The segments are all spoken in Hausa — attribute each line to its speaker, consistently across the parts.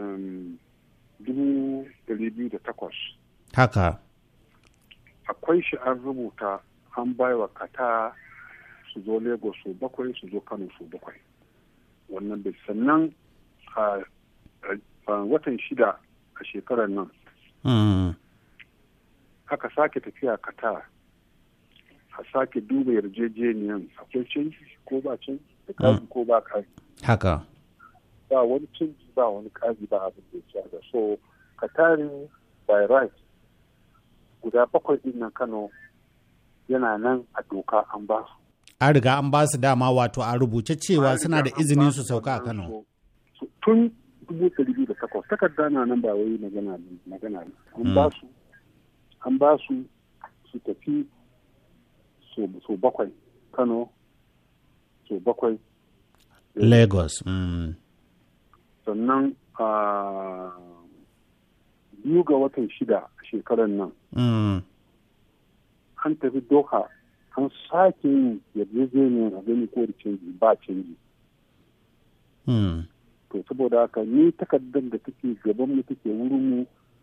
Speaker 1: Um, dubu biyu da takwas haka akwai shi an rubuta an baiwa kata su zo lagos su bakwai su zo kano su bakwai wannan bai sannan a watan shida a shekarar nan hmm. aka sake tafiya kata a sake duba yarjejeniyan akwai canji ko ba canji hmm. ko ba kai haka ba wani canji ba wani ƙari ba abin da ya da so katarin by right guda bakwai din nan kano yana nan a doka an ba su an riga an ba su dama wato a rubuce cewa suna da izinin su sauka a kano tun 2008 takarda na nan ba wai magana ne magana ne an ba hmm. su an ba su su tafi so bakwai kano so bakwai lagos mm. sannan a biyu ga watan shida a shekarar nan mm. an tafi doka an sake yin yarjejeniyar a gani ko da canji ba canji mm. to saboda haka ni takardar da take gaban mu take wurin mu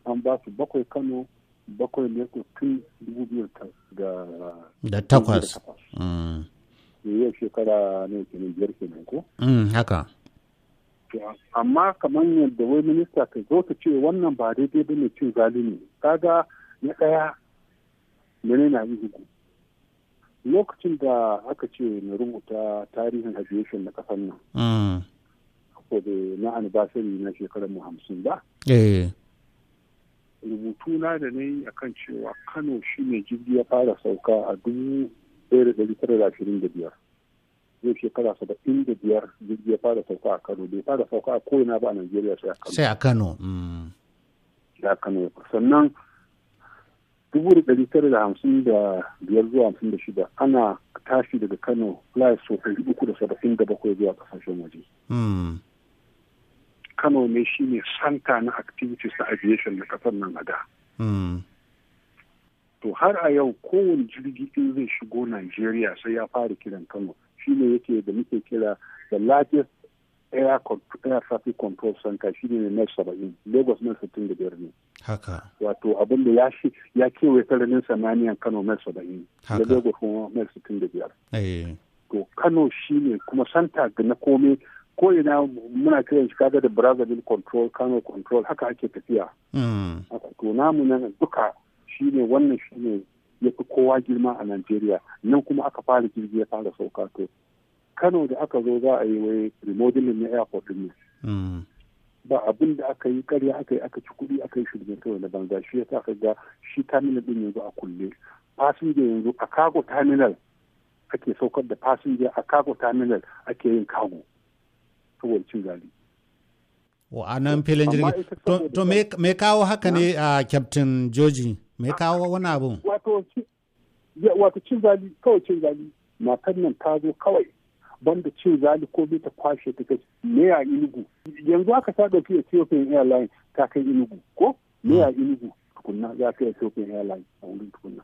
Speaker 1: an ba su bakwai kano bakwai leko tun dubu biyar da takwas da mm. yau shekara ne ne biyar kenan ko haka gaskiya amma kamar yadda wai minista ka zo ta ce wannan ba daidai bane cin zalimi kaga na ɗaya mene na yi hugu lokacin da aka ce na rubuta tarihin aviation na ƙasar nan mm. saboda na anniversary na shekarar mu hamsin ba eh. rubutu na da na yi a kan cewa kano shi ne jirgi ya fara sauka a dubu ɗaya da ɗari tara da ashirin da biyar shekara saba'in da biyar jirgi ya fara sauka a kano bai fara sauka a ko'ina ba a najeriya sai a kano sai a kano mm. sai sannan dubu da ɗari tara da hamsin da biyar zuwa hamsin da shida ana tashi daga kano flight so ɗari uku da saba'in da bakwai zuwa ƙasashen waje mm. kano ne shine santa na activities na aviation na ƙasar nan a da mm. to har a yau kowane jirgi in zai shigo Najeriya sai ya fara kiran Kano shi ne yake da muke kira the largest air, air traffic control center shi ne na saba'in Lagos na sittin da biyar ne. Haka. Wato abin da ya shi ya kewaye sararin samaniyan Kano na saba'in. Haka. Da Lagos kuma na sittin da biyar. Eh. To Kano shi ne kuma santa na komai ko ina muna kiran shi kaga da Brazzaville control Kano control haka ake tafiya. Mm. Haka to namu duka shine wannan shine ya fi kowa girma a Najeriya nan kuma aka fara jirgi ya fara sauka to Kano da aka zo za a yi wai remodeling na airport din nan hmm. ba abin da aka yi karya aka yi aka ci kuɗi aka yi shirme kawai na banza shi ya sa ga shi terminal din yanzu a kulle fasinja yanzu a cargo terminal ake saukar da fasinja a cargo terminal ake yin cargo. saboda cin gari a nan filin jirgin to me kawo haka ne a captain joji me kawo wani abun wato wato cin zali kawai cin zali matar nan ta zo kawai banda cin zali ko bai ta kwashe ta kai me ya inugu yanzu aka sa dauki Ethiopian Airlines ta kai inugu ko me ya inugu tukunna za ka Ethiopian Airlines a wurin tukunna